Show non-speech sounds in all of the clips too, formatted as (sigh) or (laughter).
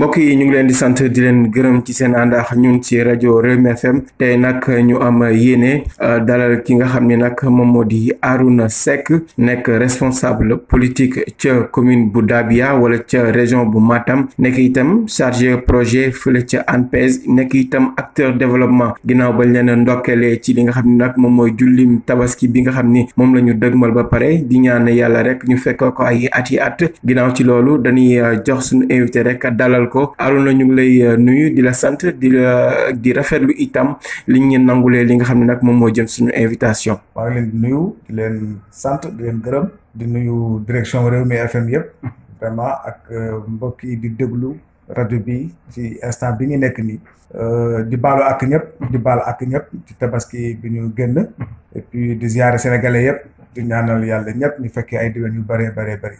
mbokk yi ñu ngi leen di sant di leen gërëm ci seen ànd ak ñun ci rajo Rewmi FM tey nag ñu am yéene euh, dalal ki nga xam ne nag moom moo di Arouna Seck nekk responsable politique ca commune bu Dabia wala ca région bu Matam nekk itam chargé projet fële ca ANPEJ nekk itam acteur développement ginnaaw bañ leen ndokkelee ci li nga xam ne nag moom mooy jullim tabaski bi nga xam ni moom la ñu dëgmal ba pare di ñaan yàlla rek ñu fekk ko ay at yi at ginnaaw ci loolu dañuy euh, jox suñu invité rek dalal ko Arouna ñu ngi lay euh, nuyu di la sant di la di rafetlu itam liñ ngeen nangulee li nga xam ne nag moom moo jëm suñu invitation. maa ngi leen di nuyu di leen sant di leen gërëm di nuyu direction Rewmi FM yëpp hmm. vraiment ak euh, mbokk yi di déglu. rajo bi ci instant bi ñu nekk nii. Euh, di baalu ak ñëpp. di baalu ak ñëpp ci tabaski bi ñu génn. et di ziare sénégale yëpp. di ñaanal yàlla ñëpp ñu fekkee ay déwén yu bëree bëree bëri.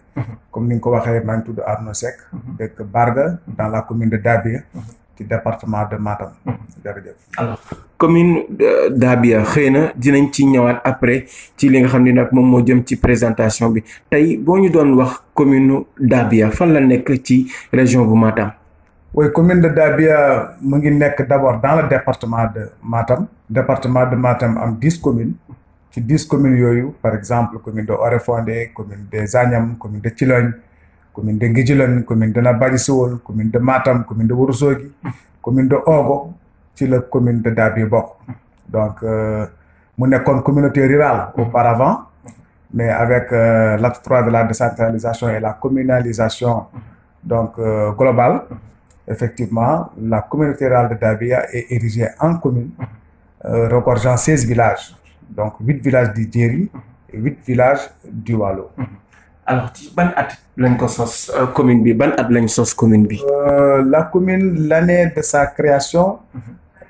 comme ni nga ko waxee maa ngi tudd Arnaud Seck. dëkk Barga dans la commune de Dabia. ci département de Matam. jërëjëf. alors commune Dabia xëy na dinañ ci ñëwaat après ci li nga xam ni nag moom moo jëm ci présentation bi tey boo ñu doon wax commune Dabia fan la nekk ci région bu Matam. oui commune de Dabia mu ngi nekk d'abord dans le département de Matam département de Matam am dix communes ci dix communes yooyu par exemple commune de Orefondé commune de Zagnam commune de Thilogne commune de Nguidjilane commune de Nabadji-Civol commune de Matam commune de Ourossogui commune de Ogo ci la commune de Dabia bokk donc mu nekkoon communauté rurale auparavant mais avec euh, l'acte trois de la décentralisation et la communalisation donc euh, effectivement, la communauté rurale de Dabia est érigée en commune, euh, regorgeant 16 villages. Donc 8 villages de Djeri et 8 villages du Wallo. ban at lañ ko sos euh, commune bi ban at lañ sos commune bi euh, La commune, l'année de sa création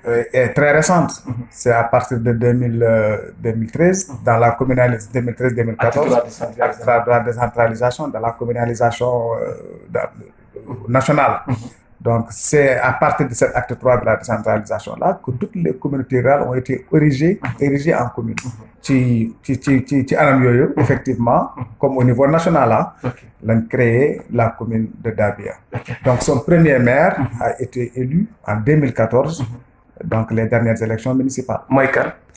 euh, est très récente. C'est à partir de 2000, euh, 2013, dans la communalisation 2013-2014, la décentralisation, dans la communalisation euh, nationale. Donc, c'est à partir de cet acte 3 la décentralisation-là que toutes les communautés rurales ont été érigées, en communes. Ci, ci, ci, ci, ci anam yoyo, effectivement, comme au niveau national, là, okay. la commune de Dabia. Okay. Donc, son premier maire mm -hmm. a été élu en 2014, mm -hmm. donc les dernières élections municipales.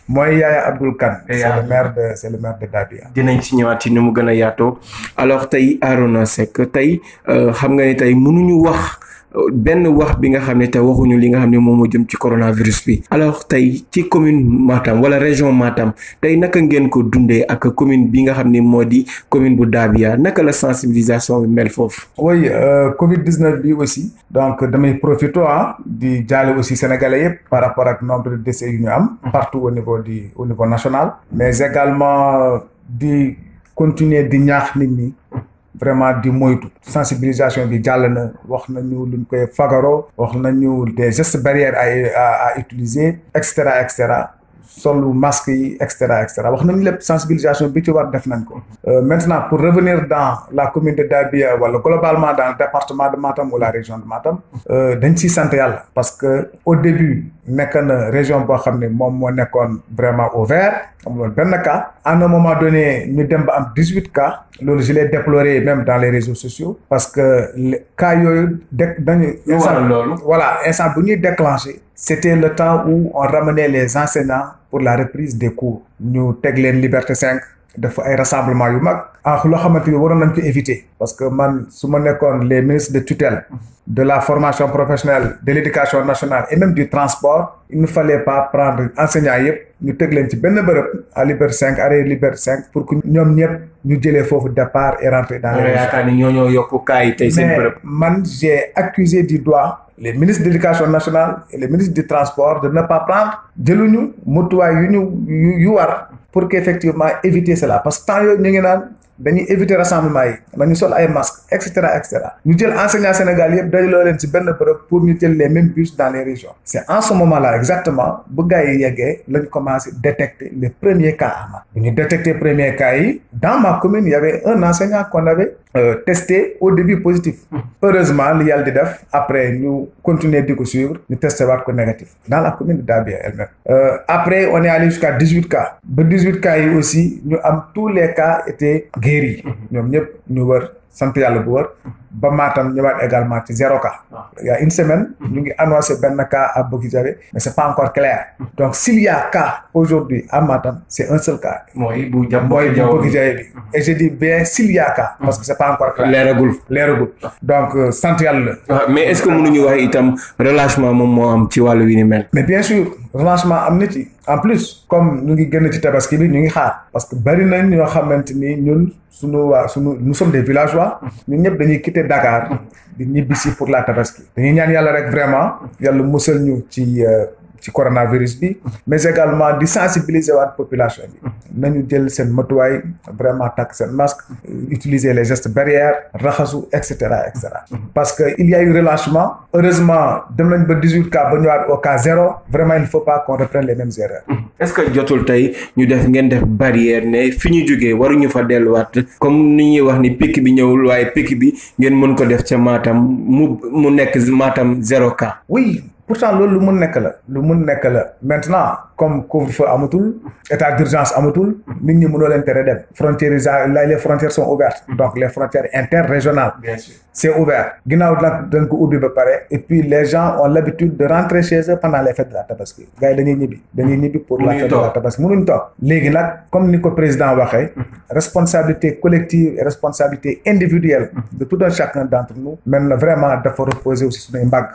mooy Yaya Abdoul Kane. c'est le maire de c'est le maire de Dabia. dinañ ci ñëwaat ci ni mu gën a yaatoo alors tey Arona Seck tey euh, xam nga ne tey mënuñu wax. benn wax bi nga xam ne te waxuñu li nga xam ne moom moo jëm ci coronavirus bi alors tey ci commune Matam wala région Matam tey naka ngeen ko dundee ak commune bi nga xam ni moo di commune bu Dabia naka la sensibilisation bi mel foofu. oui euh, Covid 19 bi aussi. donc damay profité ah, di jaale aussi sénégalais yëpp par rapport ak nombre de décès yu ñu am. partout au niveau du au niveau national. mais également di continuer di ñaax nit ñi. vraiment di moytu sensibilisation bi jàll na wax na ñu lu ñu koy fagaro wax ñu des gestes barrières à à utiliser et cetera et cetera solu masque yi et cetera et cetera wax nañu lépp sensibilisation bi ci war def nañ ko euh, maintenant pour revenir dans la commune de Dabia wala globalement dans le de Matam ou la région de maatam euh, dañ ciy sant yàlla parce que au début nekk na région boo xam ne moom moo nekkoon vraiment au vert amuloon benn ka à un moment donné ñu dem ba am dix huit cas loolu je l'ai déploré même dans les réseaux sociaux parce que cas yooyu de nañu instant loolu voilà instant bu ñuy déclenché c'était le temps où on ramener les enseignants pour la reprise des cours ñu teg leen liberté cinq def ay rassemblement yu mag a ah, loo xamante ni waroon nañ ko parce que man su ma nekkoon les ministres de tutelle de la formation professionnelle de l'éducation nationale et même du transport il ne fallait pas prendre enseignants yëpp ñu teg leen ci benn bërëb à Liberté 5 arrêt Liberté cinq pour que ñoom ñëpp ñu jëlee foofu départ et rentrer dans les yaakaar ni ñoo ñoo yokk kaa yi tey seen bërëb man j'ai accusé du doigt les ministres de l'éducation nationale et les ministres du transport de ne pas prendre ñu yu pour qu'effectivement éviter cela parce que temps yooyu ñu ngi naan dañuy éviter rassemblement yi dañu sol ay masques et cetera et cetera ñu jël enseignants Sénégal yëpp dajaloo leen si benn bërëb pour ñu jël les mêmes bus dans les régions c' est en ce moment exactement bu yeggee lañ commencé détecter les premiers cas ama bu ñu détecter premiers cas yi dans ma commune y avait un enseignant qu'on avait euh, testé au début positif heureusement li yàlla di def après ñu continuer di ko suivre ñu testé waat ko négatif dans la commune de Dabia elle euh, ñu am tous les cas géer yi mm-hmm. ñoom ñëpp ñu wër sant yàlla bu wër ba Matam ñëwaat également ci zéro cas. Ah. il une semaine. Mm-hmm. ñu ngi annoncé benn cas à Bokidiawé. mais c' est pas encore clair. Mm-hmm. donc s' il aujourd'hui à Matam c' un seul cas. mooy bu jàpp mooy bu Bokidiawé bi. Mm-hmm. que c' est leeragul leeragul. Ah. donc euh, sant yàlla la. Ah, mais est ce que mënuñu wax itam relâchement moom moo am ci wàll wi ni mel. mais bien sûr relâchement am na ci. en plus comme ñu ngi gën ci tabaski bi ñu ngi xaar parce que bari nañ ñoo xamante ni ñun suñu waa suñu nous sommes jóge Dakar di ñibbisi pour la tabaski dañuy ñaan yàlla rek vraiment yàlla musal ñu ci euh, ci coronavirus bi mais également di sensibiliser waat population bi nañu jël seen matuwaay vraiment takk seen masque utiliser les gestes barrières raxasu et cetera parce que il y a eu heureusement dem nañ ba dix-huit cas ba ñëwaat au cas zéro vraiment il ne faut pas qu'on ce que jotul tey ñu def ngeen def barrière ne fi ñu jógee waruñu fa delluwaat comme ni ñuy wax ni pic bi ñëwul waaye pic bi ngeen mën ko def ca maatam mu mu nekk Matam zéro cas oui pourtant loolu lu mun nekk la lu mun nekk la maintenant comme couvre-feu amatul état d'urgence amatul nit ñi mënoo leen tere dem frontières yi les frontières sont ouvertes donc les frontières interrégionales bien sûr c'est ouvert ginnaaw nag dañ ko ba pare et les gens ont l'habitude de rentrer chez eux pendant les fêtes de la tabaski gars yi ñibbi dañuy ñibbi pour la fête la tabaski mënuñ toog léegi nag comme ni ko président waxee responsabilité collective et responsabilité individuelle de tout un chacun d'entre nous même na vraiment aussi suñuy mbagg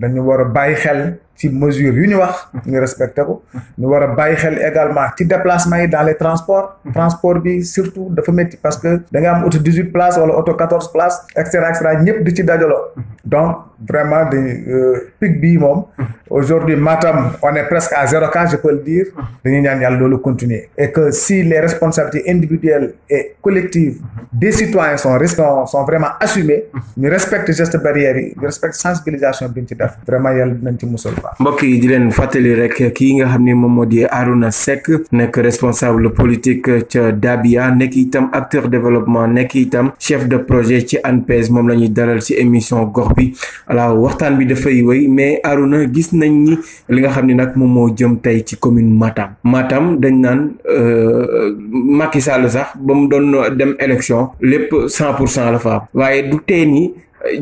dañu war a bàyyi xel ci mesure yu ñu wax ñu respecte ko ñu war a bàyyi xel également ci déplacement yi daal les transports transport bi surtout dafa métti parce que da nga am auto dix huit places wala auto quatorze places et cetera et ñëpp di ci dajaloo donc vraiment de euh, pic bii moom mm-hmm. aujourd'hui Matam on est presque à zéro cas je peux le dire mm-hmm. dañuy ñaan yàlla loolu continuer et que si les responsabilités individuelles et collectives mm-hmm. des citoyens sont sont, sont vraiment assumées ñu respecte geste barrières yi ñu respecte sensibilisation bi ñu ci def vraiment yàlla dinañ ci musal ba mbokk yi di leen fàttali rek kii nga xam ni moom moo di Arouna Seck nekk responsable politique ca Dabia nekk itam acteur développement nekk itam chef de projet ci ANPEJ moom la ñuy dalal ci émission gox bi alors waxtaan bi dafay woy mais Arouna gis nañ ni li nga xam ni nag moom moo jëm tey ci commune Matam maatam dañ naan euh, Macky Sall sax ba mu doon dem élection lépp cent pour cent la fa am waaye du tee ni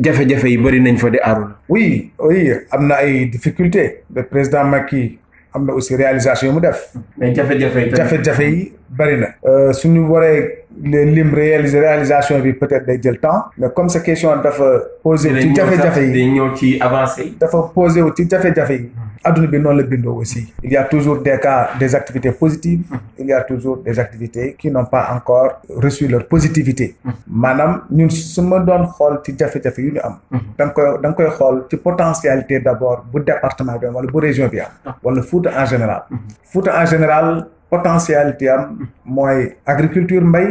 jafe-jafe yi bëri nañ fa di Arouna. oui oui am na ay difficultés le président Macky am na aussi réalisation yi mu def. mais jafe-jafe yi jafe-jafe yi bëri na. Euh, suñu waree lim réalisé réalisation bi peut-être day jël temps. mais comme sa question dafa posé. ci jafe-jafe yi ñëw ci avancé. dafa posé wu ci jafe-jafe yi. adduna bi noonu la bindoo aussi il y a toujours des cas des activités positives il y toujours des activités qui non pas encore reçu leur positivité maanaam ñun su ma doon xool ci jafe-jafe yu ñu am danga nga koy koy xool ci potentialité d'abord bu département bi am wala bu région bi am wala Fouta en général Fouta en général potentialité am mooy agriculture mbay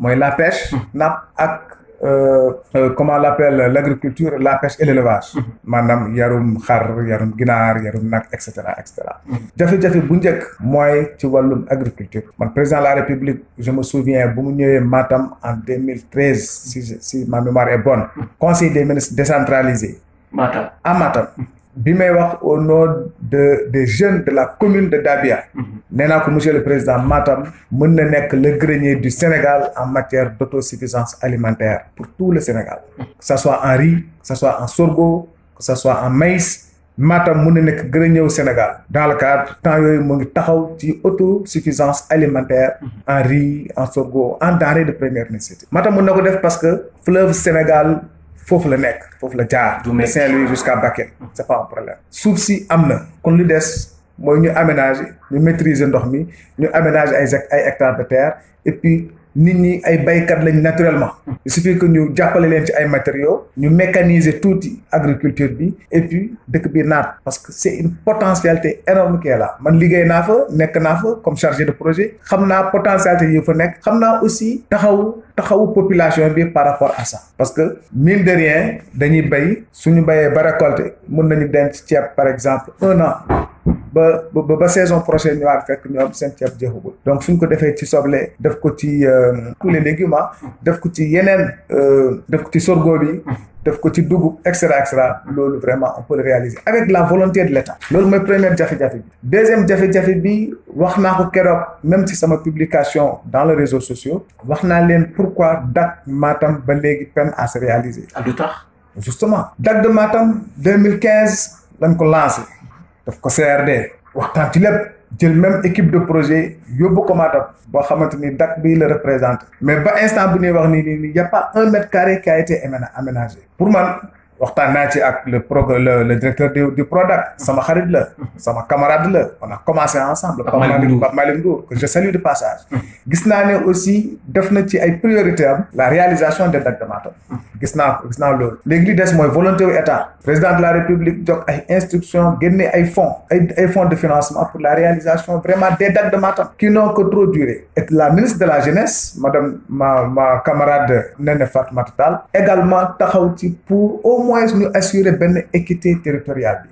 mooy la pêche napp ak Euh, euh, comment l'appelle l'agriculture la pêche et l'élevage mm-hmm. maanaam yarum xar yarum ginaar yarum nag et cetera et cetera mm-hmm. bu njëkk mooy ci wàllum agriculture man président de la république je me souviens bu mu ñëwee Matam en 2013 si si ma mémoire est bonne mm-hmm. conseil des ministres décentralisé Matam à Matam bi may wax au de jeunes de la commune de Dabia mm-hmm. nee naa ko monsieur le président Matam mën na nekk le grenier du Sénégal en matière suffisance alimentaire pour tout le Sénégal que ça soit en riz que ça soit en sorgho que ça soit en maïs Matam mun na nekk grenier au Sénégal dans le cadre temps yooyu mu ngi taxaw ci autosuffisance alimentaire mm-hmm. en riz en sorgho en denrées de première nécessité Matam mën na ko def parce que fleuve Sénégal foofu la nekk foofu la jaar. de Saint-Louis jusqu'à Bakel. c'est pas un problème suuf si am na. kon lu des mooy ñu aménager ñu maîtriser ndox mi ñu aménager ay ay hectares de et puis nit ñi ay baykat lañ naturellement il suffit que ñu jàppale leen ci ay matériaux ñu mécaniser tuuti agriculture bi et puis dëkk bi naat parce que c'est une potentialité énorme qui est man liggéey naa fa nekk naa fa comme chargé de projet xam naa potentialité yi fa nekk xam naa aussi taxaw taxawu population bi par rapport à ça parce que mine de rien dañuy bay suñu bayee ba récolter mun nañu denc ceeb par exemple un na ba ba saison projet ñu waat fekk ñoom seen ceeb jeexagul ko Euh, tous les légumes def ko ci yeneen euh, def ko ci sorgo bi def ko ci dugub et cetera et loolu vraiment on peut le réaliser avec la volonté de l'État loolu mooy première jafe-jafe bi deuxième jafe-jafe bi wax naa ko keroog même ci sama publication dans les réseaux sociaux wax naa leen pourquoi Dak Matam ba léegi pen à se réaliser lu ah, tax justement Dak de Matam 2015 lañ ko lancé daf ko CRD waxtaan ci lépp jël même équipe de projet yóbbu ko Matam boo xamante ni DAC bii la représenté mais ba instant bu ñuy wax ni nii nii a pas un mètre carré qui a été aménagé pour man. waxtaan naa ci ak le pro le, le directeur du du Prodac sama xarit la sama camarade la on a commencé ensemble. Pape Malick Ndour que je salue de passage. gis naa ne aussi def na ci ay priorité am. la réalisation des Dac de Matam. gis naa gis naa loolu. léegi li des mooy volonté wu état. président de la république jox ay instructions génne ay fonds ay ay fonds de financement pour la réalisation vraiment des Dac de Matam. qui n'ont que trop duré. et la ministre de la jeunesse madame ma ma camarade Néné Fatoumata Tall également taxaw ci pour moins ñu assurer benn équité territoriale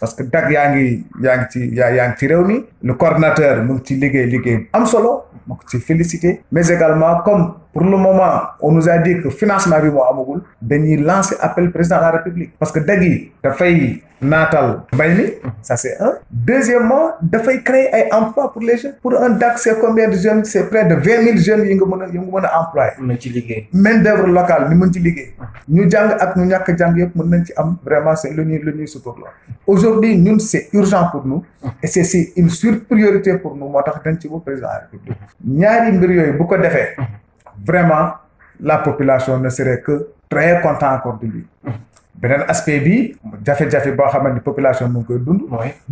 parce que dag yaa ngi yaa ngi ci yaa yaa ngi ci réew mi le coordonnateur mu ngi ci liggéey liggéey am solo mu ngi ci félicité mais également comme pour le moment on nous a dit que financement bi moo amagul dañuy lancer appel président de la république parce que dag yi dafay naatal mbay mi ça c'est un deuxièmement dafay créer ay emploi pour les jeunes pour un DAC c'est combien de jeunes c'est près de vingt mille jeunes yi nga mën a yi a employé mën ci liggéey main d'œuvre locale ni mën ci liggéey ñu jàng ak ñu ñàkk jàng yëpp mën nañ ci am vraiment c'est lu ñuy lu ñuy suturloo aujourd'hui ñun c'est urgent pour nous et c'est pour nous moo tax dañ ci bu président de yooyu bu ko defee vraiment la population ne serait que très contente encore de lui. beneen aspect bi jafe-jafe boo xamante ni population mu ngi koy dund.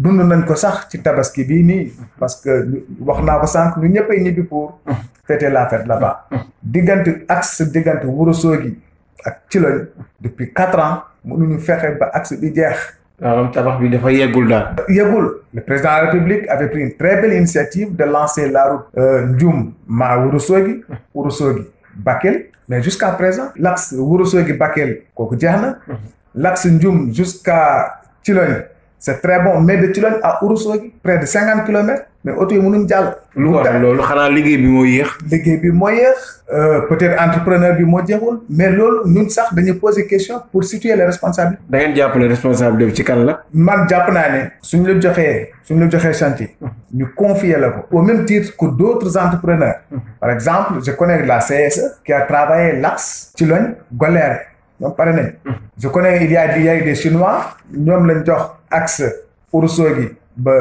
dund nañ ko sax ci tabaski bii nii. parce que wax naa ko sànq ñu ñëppay ñibbi pour. fêter la fête là-bas. diggante axe diggante Ourossogui ak Thilogne. depuis quatre ans mënuñu fexe ba axe bi jeex. maanaam euh, tabax bi dafa yeggul daal. yeggul le président de la république avait pris une très belle initiative de lancer la route. Euh, Ndioum ma Ourossogui. Ourossogui Bakel. mais jusqu'à présent. l'axe Ourossogui Bakel kooku jeex na. Mhm. l'axe Ndioum jusqu'à Thilogne c'est très bon mais de Thilogne à Ourossogui près de cinquante kilomètres mais oto yi mënuñ jàll. lu mu loolu xanaa liggéey bi moo yéex. liggéey bi moo yéex. Euh, peut-être entrepreneur bi moo jeexul mais loolu ñun sax dañu poser question pour situer les responsables. da jàppale responsable bi ci kan la. man jàpp naa ne. suñ la joxee suñ la joxee chantier. ñu confier la ko au même titre que d'autres entrepreneurs. Mmh. par exemple je connais la CSE. qui a travaillé ci Thilogne Goléré. ñoom pare nañ je connais il y a il y a des chinois ñoom lañ jox axe Ourossogui ba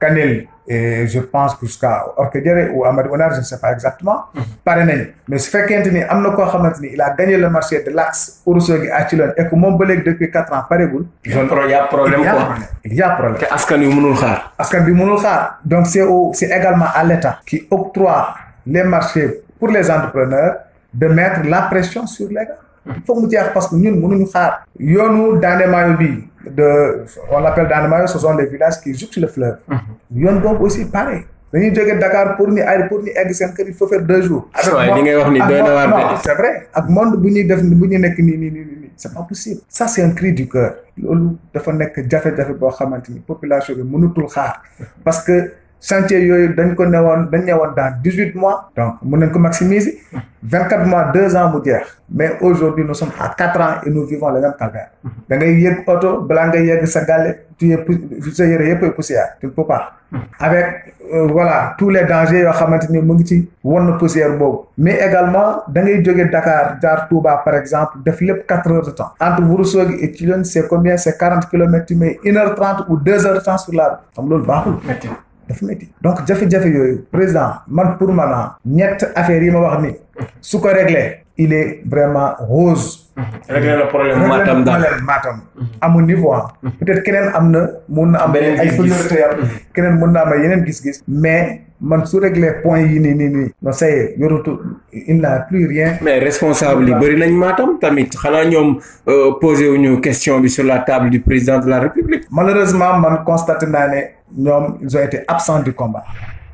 Kanel et je pense que jusqu'à Orkadiéré ou Amadou Onar je ne sais pas exactement pare nañ mais su fekkente ni am na koo xamante ni il a gagné le marché de l'axe Ourossogui à Thilogne et que moom ba léegi depuis quatre ans paregul il y a problème quoi il y a problème te askan yu mënul xaar askan bi mënul xaar donc c'est au c'est également à l'État qui octroie les marchés pour les entrepreneurs de mettre la pression sur foog mu jeex parce que ñun mënuñu xaar. yoonu Dandé Mayo bi de on l'appelle Dandé Mayo ce sont les villages qui jouxtent le fleuve. Mhm. yoon boobu aussi pareil. dañuy jógee dakaar pour ni ay pour ni egg seen kër il faut faire deux jours. avec ni doy na waar ak monde bu ñuy def bu ñuy nekk nii nii nii nii c'est pas possible. ça c'est un du cœur. loolu dafa nekk jafe-jafe boo xamante ni population bi mënutul xaar parce chantier yooyu dañ ko newoon dañ newoon dans dix huit mois donc mun nañ ko maximiser vingt quatre mois deux ans mu jeex mais aujourd'hui nous sommes à quatre ans et nous vivons le même calvaire da ngay yëg oto balaa ngay yëg sa gàlle tu sa yëre yëpp poussière tu ne peux euh, yoo xamante ni mu ngi ci won poussière boobu mais également da ngay jóge Dakar jaar Touba par exemple def lépp quatre heures de temps entre Ourossogui et Thilogne c'est combien c'est quarante kilomètres tu mets une heure trente ou deux heures temps sur la route xam loolu baaxul dafa métti donc jafe-jafe yooyu président man pour man ah ñett affaire yi ma wax ni su ko réglé il est vraiment rose. régler la problème Matam daal régler le problème Matam. amul niveau ah. mm-hmm. peut-être keneen am na. mun na am ay priorité mm-hmm. keneen mun na yeneen gis-gis. mais man su régler point yi nii ni nii. non ça y est yorutu il n'a plus rien. mais responsable yi bëri nañ Matam tamit xanaa ñoom euh, posé wuñu question bi sur la table du président de la république. malheureusement man constaté naa ne ñoom ils ont été absents du combat.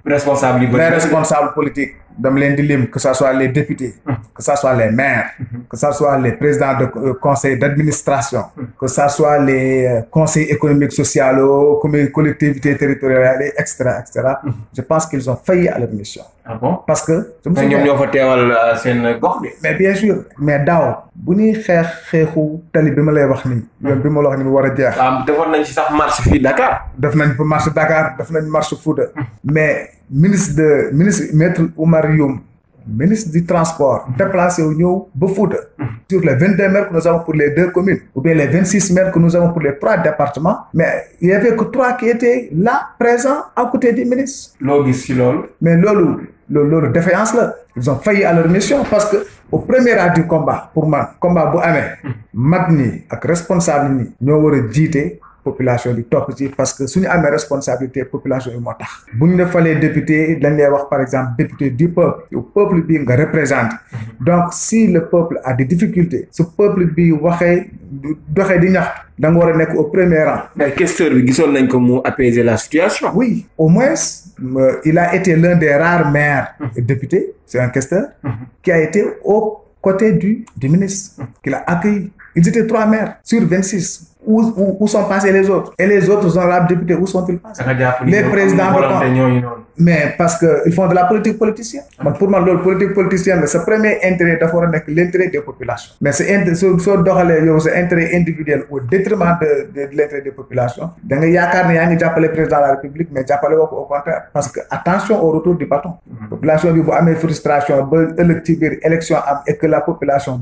responsable yi bëri nañ responsable politique. dama leen di lim que ça soit les députés que ça soit les maires que ça soit les présidents de euh, conseil d'administration que ça soit les euh, conseils économiques sociaux comme les collectivités territoriales et cetera je pense qu'ils ont failli à leur mission ah parce que ñoom ñoo fa teewal euh, seen gox bi mais bien sûr mais daaw bu ñuy xeex xeexu tali bi ma lay wax nii yoon bi ma la wax ni mu war a jeex ah, defoon nañ ci sax marche fii Dakar def nañ fa marche Dakar def nañ marche Fouta mais ministre de ministre maître Oumar Youm ministre du transport déplacé wu ñëw ba Fouta sur les vingt deux maires que nous avons pour les deux communes ou bien les vingt six maires que nous avons pour les trois départements mais il y trois qui là présents à côté du ministre loo si ci loolu mais loolu loolu loolu défaillance la ils ont failli à leur mission parce que au premier rang du combat pour ma combat bu amee hmm. mag ñi ak responsable ñi ñoo war a jiite population bi topp ci parce que suñu amee responsabilité population bi moo tax bu ñu la falee député dañ lay wax par exemple député du peuple yow peuple bi nga représente donc si le peuple a des difficultés su peuple bi waxee doxee di ñax da nga war a nekk au premier rang mais questeur bi gisoon nañ ko mu apaiser la situation oui au moins euh, il a été l'un des rares maires et mm-hmm. députés c'est un questeur mm-hmm. a été au côté du du ministre mm-hmm. qui l'a accueilli Ils étaient trois maires sur 26. Où, où, où, sont passés les autres Et les autres honorables députés, où sont-ils passés Les présidents de Mais parce qu'ils font de la politique politicienne. Donc ah. pour moi, la politique politicienne, ce premier intérêt d'abord n'est que l'intérêt des populations. Mais c'est intérêt individuel au détriment de, de, de l'intérêt des populations. Donc il y a le président de la République, mais j'appelle au contraire. Parce que attention au retour du bâton. Mm-hmm. frustration, élection, et élections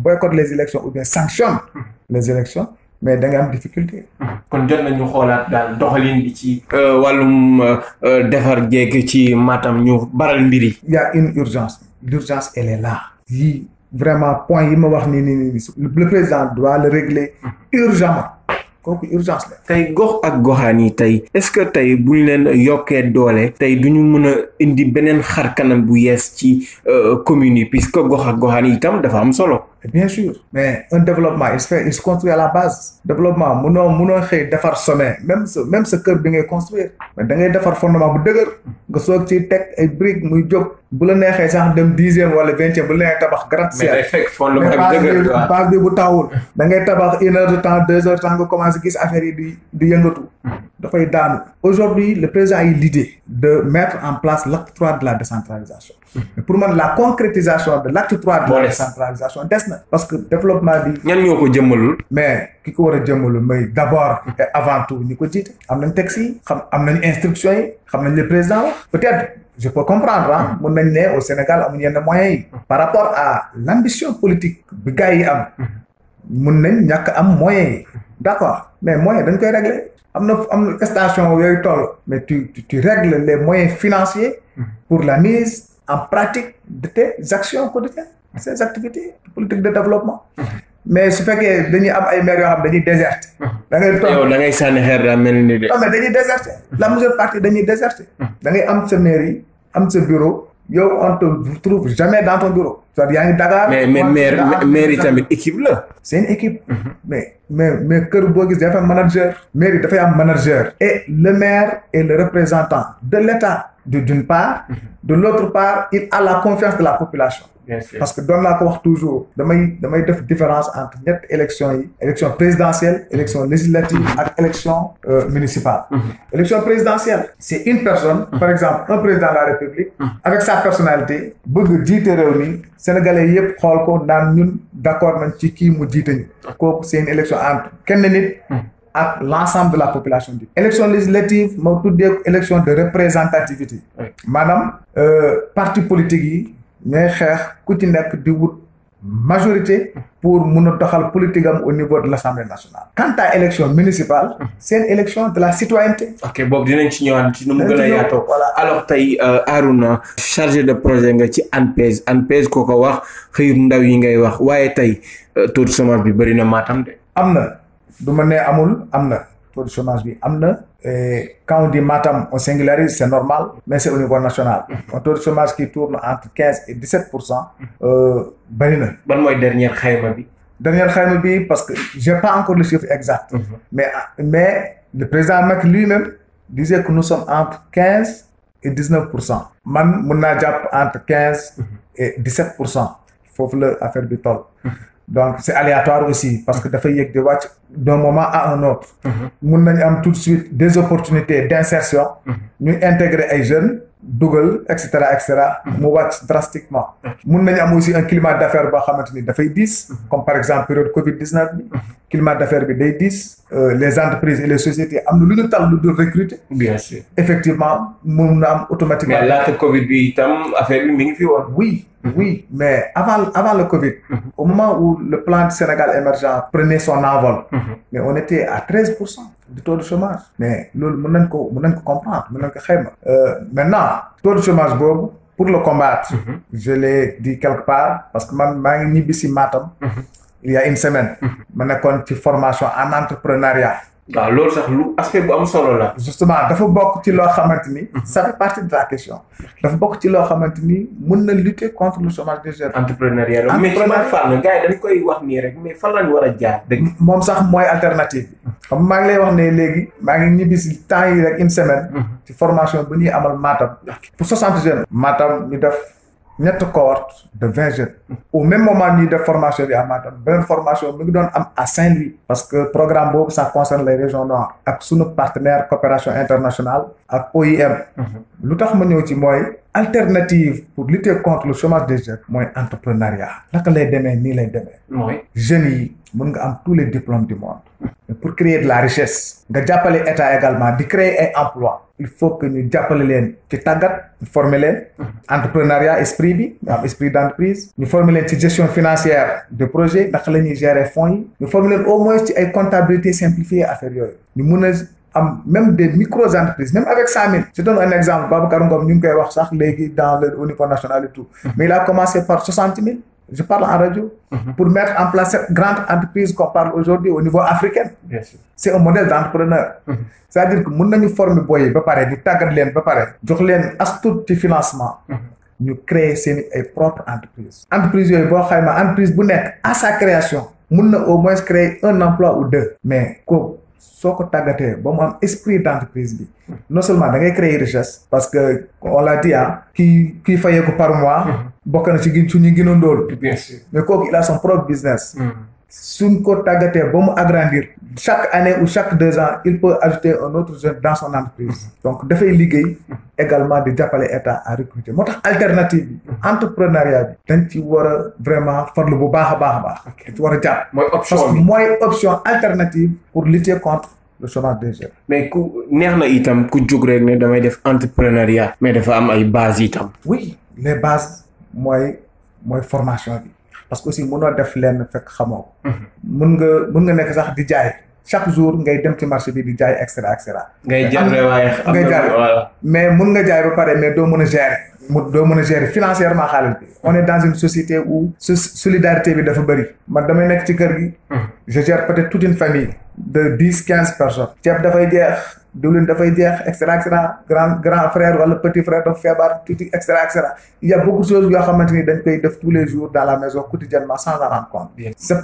les élections mais da nga am difficulté. kon jot nañu xoolaat daal doxalin bi ci. Euh, wàllum euh, euh, defar jéeg ci maatam ñu baral mbir yi. une urgence l'urgence elle est là. yii vraiment point yi ma wax nii nii nii le président doit kooku urgence la. gox ak goxaan yi tey est-ce que tey bu ñu leen yokkee doole. tey du ñu mën a indi beneen xar kanam bu yees ci communes yi puisque gox ak goxaan yi itam dafa am solo. bien sûr mais un développement il se fait il se construit à la base développement mu munoo munoo xëy defar sommet même sa même sa kër bi ngay construire mais da ngay defar fondement bu dëgër nga soog ci teg ay briques muy jóg bu la neexee sax dem dixième wala vingtième bu la neexee tabax gratte ciel mais fekk fondement bi dëgër mais base bi bu taawul da ngay tabax une heure de temps deux heures de temps nga commencé gis affaire yi di di yëngatu dafay daanu aujourd'hui le président a l'idée de mettre en place l'acte 3 de la décentralisation pour man la concrétisation de l'acte 3 de la décentralisation des na parce que développement bi ñan ñoo ko jëmmalul mais ki ko war a jëmmalul mooy d'abord et avant tout ñi ko jiite am nañ texte yi xam am nañ instructions yi xam nañ le président wax peut-être je peux comprendre ah mën nañ ne au Sénégal amuñ yenn moyens yi par rapport à l'ambition politique bi gars yi am mën nañ am moyens yi am na am na yooyu toll mais tu, tu tu règles les moyens financiers mm-hmm. pour la mise en pratique de tes actions quotidiennes ces activités politique de développement mm-hmm. mais su fekkee dañuy am ay maires yoo xam dañuy déserté mm-hmm. da ngay toog yow da ngay sànni xeer daa mel ni de non mais dañuy déserté la majeure partie dañuy déserté dangay am sa mairie am sa bureau yow on te trouve jamais dans ton bureau. c'est-à-dire yaa ngi Dakar. mais mais maire maire yi tamit équipe la. c'est une équipe. Mhm. mais mais mais kër boo gis dafa am manager. maire yi dafay am manager. et le maire est le représentant de l'État. de d'une part. Mhm. de l'autre part il a la confiance de la population. parce que doon naa ko wax toujours damay damay def différence entre ñett élection yi élection présidentielle élection législative ak élection euh, municipale mhm. élection présidentielle c'est une personne mhm. par exemple un président de la république mhm. avec sa personnalité bëgg jiite réew mi sénégalais yëpp xool ko naan ñun d'accord nañ ci kii mu jiite ñu kooku c'est une élection entre kenn nit ak l'ensemble de la population bi élection législative moo tuddee élection de représentativité maanaam euh, ñooy xeex ku ci nekk di wut majorité pour mun a doxal politique am au niveau de l' assemblée nationale. quant à élection municipale. seen élection de la citoyenneté. ok boobu dinañ ci ñëwaat ci nu mu gën a yaatoo. voilà alors tey euh, Arouna chargé de projet nga ci ANPEJ ANPEJ koo ko wax xëyub ndaw yi ngay wax waaye tey euh, taux de chômage bi bëri na Matam de. am na du ma nee amul am na. taux de chômage bi am na. quand on dit Matam on singularise c'est normal mais c'est au niveau national. Mm-hmm. un taux de chômage qui tourne entre quinze et dix-sept pour cent. Euh, bari na. ban mooy dernière xayma bi. dernière xayma bi parce que j'ai pas encore le chiffre exact. Mm-hmm. mais mais le président Macky lui-même disait que nous sommes entre quinze et dix-neuf pour cent. man mun naa jàpp entre quinze mm-hmm. et dix-sept pour cent foofu la affaire bi toll. donc c'est aléatoire aussi parce que dafay yëg di wàcc d'un moment à un autre mhm. mun nañ am tout de suite des opportunités d'insertion mhm. ñu intégrer ay jeunes dugal et cetera et cetera mhm. mu wàcc drastiquement mun nañu am aussi un climat d'affaires boo xamante ni dafay diis mhm. comme par exemple période Covid 19 bi mhm. climat d'affaires bi day diis euh, les entreprises et les sociétés am na lu ñu tal lu dul recruter bien sûr effectivement mu na am automatiquement mais laata Covid bi affaire bi mi ngi fi woon oui oui mais avant avant le Covid au moment où le plan Sénégal émergent prenait son envol mais on était à pour du taux de chômage mais loolu mën nañ ko mën nañ ko comprendre mën nañ ko xayma euh, maintenant taux de chômage boobu pour le combattre mm-hmm. je l'ai dit quelque part parce que man maa ngi ñibbi si Matam mm-hmm. il y une semaine mm-hmm. ma nekkoon ci formation en entrepreneuriat waaw loolu sax lu aspect bu am solo la. justement dafa bokk ci loo xamante ni. ça fait partie de la question. dafa bokk ci loo xamante ni mun na lutter contre le chômage des jeunes. entrepreneuriat mais ci man fànn gars dañ koy wax nii rek mais fan lañ war a jaar. dëgg moom sax mooy alternative bi. xam maa ngi lay wax ne léegi maa ngi ñibbi si temps yi rek une semaine. Mm-hmm. ci formation bu ñuy amal Matam. pour soixante jeunes. Matam ñu def. ñett cohorte de vingt jeunes au même moment ñuy def formation bi à Matam beneen formation mi ngi doon am à Saint-Louis parce que programme boobu sax concerne les régions noires ak sunu partenaire coopération internationale ak OIM mhm. lu tax ma ñëw ci mooy alternative pour lutter contre le chômage des jeunes mooy entrepreneuriat naka lay demee nii lay demee mooy jeunes yi mën nga am tous les diplômes du monde pour créer de la richesse nga jàppale état également di créer ay emploi il faut que ñu jàppale leen ci tàggat ñu former leen entrepreneuriat esprit bi ñu am esprit d'entreprise ñu former leen ci gestion financière de projet naka la ñuy gérer fonds yi ñu former leen au moins ci ay comptabilité simplifiée affaire yooyu ñu mun a am même des micro entreprises même avec cent mille je donne un exemple Babacar Ngom ñu ngi wax sax léegi dans le au niveau tout mm-hmm. mais il commencé par soixante je parle en radio, mmh. pour mettre en place cette grande entreprise qu'on parle aujourd'hui au niveau africain. C'est un modèle d'entrepreneur. Mmh. C'est-à-dire que nous avons formé boy, nous tagger nous avons nous avons de financement. Nous créons nos propres entreprises. Entreprise, entreprise à sa création, na au moins créer un emploi ou deux. Mais quoi? soo ko tàggatee ba mu am esprit d'entreprise bi mhm. non seulement da ngay créer richesse parce que l'a dit ah kii kii ko par mois mhm. bokk na ci su ñu gënoon dool bien sûr mais kooku il a son propre business. Hmm. suñ ko tàggatee ba mu agrandir chaque année ou chaque deux ans il peut ajouter un autre jeune dans son entreprise hmm. donc dafay liggéey également di jàppale état à recruter moo tax alternative bi hmm. entrepreneuriat dañ ci war a vraiment farlu bu baax a baax a baax dañ ci war a jàpp mooy option parce mooy option alternative pour lutter contre le chômage des jeunes mais ku neex na itam ku jóg rek ne damay def entrepreneuriat mais dafa am ay bases mooy mooy formation bi parce que aussi mënoo def lenn fekk xamoo ko. Mhm. mën nga mën nga nekk sax di jaay chaque jour ngay dem ci marché bi di jaay et cetera et cetera. ngay jar mais mun nga jaay ba pare mais doo mën a gérer. mu doo mën a gérer financièrement xaalis bi. on est dans une société où. solidarité bi dafa bëri. man damay nekk ci kër gi. Mhm. je gère peut-être une famille. de dix quinze personnes ceeb dafay jeex diwlin dafay jeex et cetera et cetera grand grand frère wala petit frère dafa feebar tuuti et cetera et cetera il y a beaucoup de yoo xamante ni dañ koy def tous les jours dans la maison quotidiennement sans en rendre compte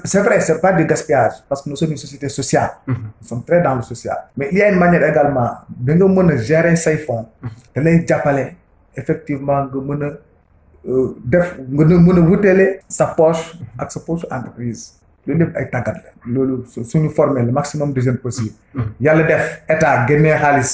c'est vrai c'est pas du gaspillage parce que nous sommes une société sociale mm-hmm. nous sommes très dans le social mais il y a une manière également bi nga mën a gérer say fonds da mm-hmm. lay jàppale effectivement nga mën a euh, def nga mën a wuteele sa poche ak sa poche entreprise loolu lépp ay tàggat loolu su suñu former le maximum de jeunes possible mm-hmm. yàlla def état génnee xaalis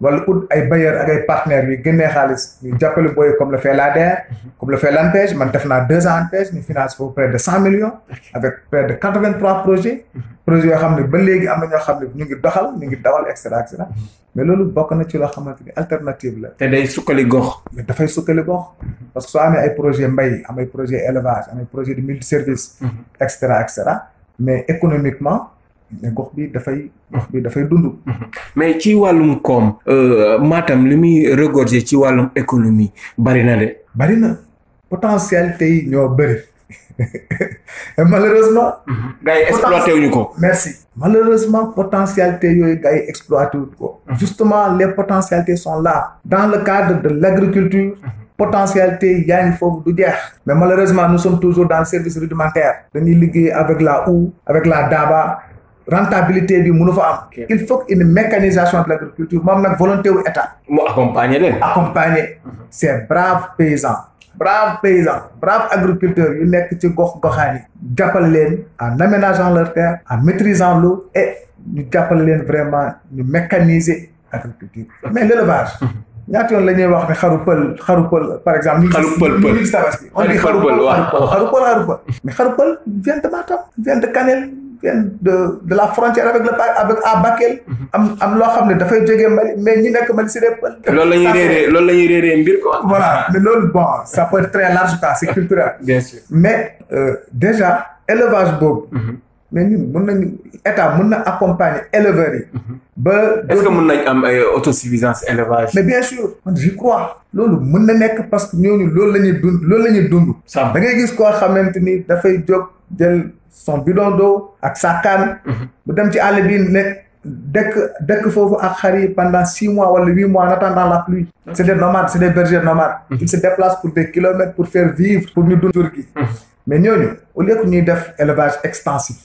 wala ut ay bailleurs ak ay partenaires yu xaalis ñu jàppale booy comme le fait l'ADER comme le fait l'ANPEJ man def naa deux ans ANPEJ ñu finance foofu près de cent millions avec près de quatre vingt trois projets projets yoo xam ne ba léegi am na ñoo xam ne ñu ngi doxal ñu ngi dawal et cetera mais loolu bokk na ci loo xamante ni alternative la te day sukkali gox mais dafay sukkali gox parce que soo amee ay projet mbay am ay projet élevage am projet de multiservice mhm. et cetera et cetera mais économiquement mais gox bi dafay gox bi dafay dundu mhm. mais ci wàllum koom. Euh, Matam li muy regorger ci wàllum économie bari na de. bari na potentialité yi ñoo bëri (laughs) et malheureusement. Mhm. gars yi ko. merci malheureusement potentialité yooyu gars yi exploité ko. Mhm. justement le potentialités son la dans le cadre de l' agriculture. potentialité yaa foofu du jeex. mais malheureusement nous sommes toujours dans le service rudimentaire. dañuy liggéey avec la houe avec la daaba. rentabilité bi mënu fa am. Okay. il faut une mécanisation de l' agriculture moom nag volonté wu état. mu accompagner leen. accompagner mm -hmm. ces braves paysans. braves paysans braves yu nekk ci gox goxaan yi. jàppale leen en aménageant leur terre. en maîtrisant l'eau et ñu jàppale leen vraiment ñu mécaniser agriculture. mais l' élevage. (laughs) ñaata yoon la ñuy wax ne xaru pël xaru pël par exemple. xaru pël pël ñu ngi tabaski. de Matam. vient de Kanel. de de la frontière avec le avec à Bakel. Mhm. am am loo xam ne dafay jógee Mali mais ñi nekk Mali si des. loolu la ñuy réeree loolu la ñuy réeree mbir quoi. voilà mais loolu bon ça peut être très large quoi c'est culturel. bien sûr mais euh, déjà élevage boobu. Mhm. mais ñun mën nañu état mun na accompagner éleveurs yi. Mhm. ba est-ce que mën nañ am auto autosuffisance élevage. mais bien sûr man loolu mën na nekk parce que ñooñu loolu la ñuy dund loolu la ñuy dund. da ngay gis koo xamante ni dafay jóg jël son bidon d'eau ak sa kaan. bu mhm. dem ci àll bi ne dëkk dëkk foofu ak xar yi pendant six mois wala huit mois en attendant la pluie. c'est des nomades c'est des bergers nomades. Mhm. ils se déplacent pour des kilomètres pour faire vivre pour ñu dund jur gi. mais ñooñu au lieu ñuy def élevage extensif.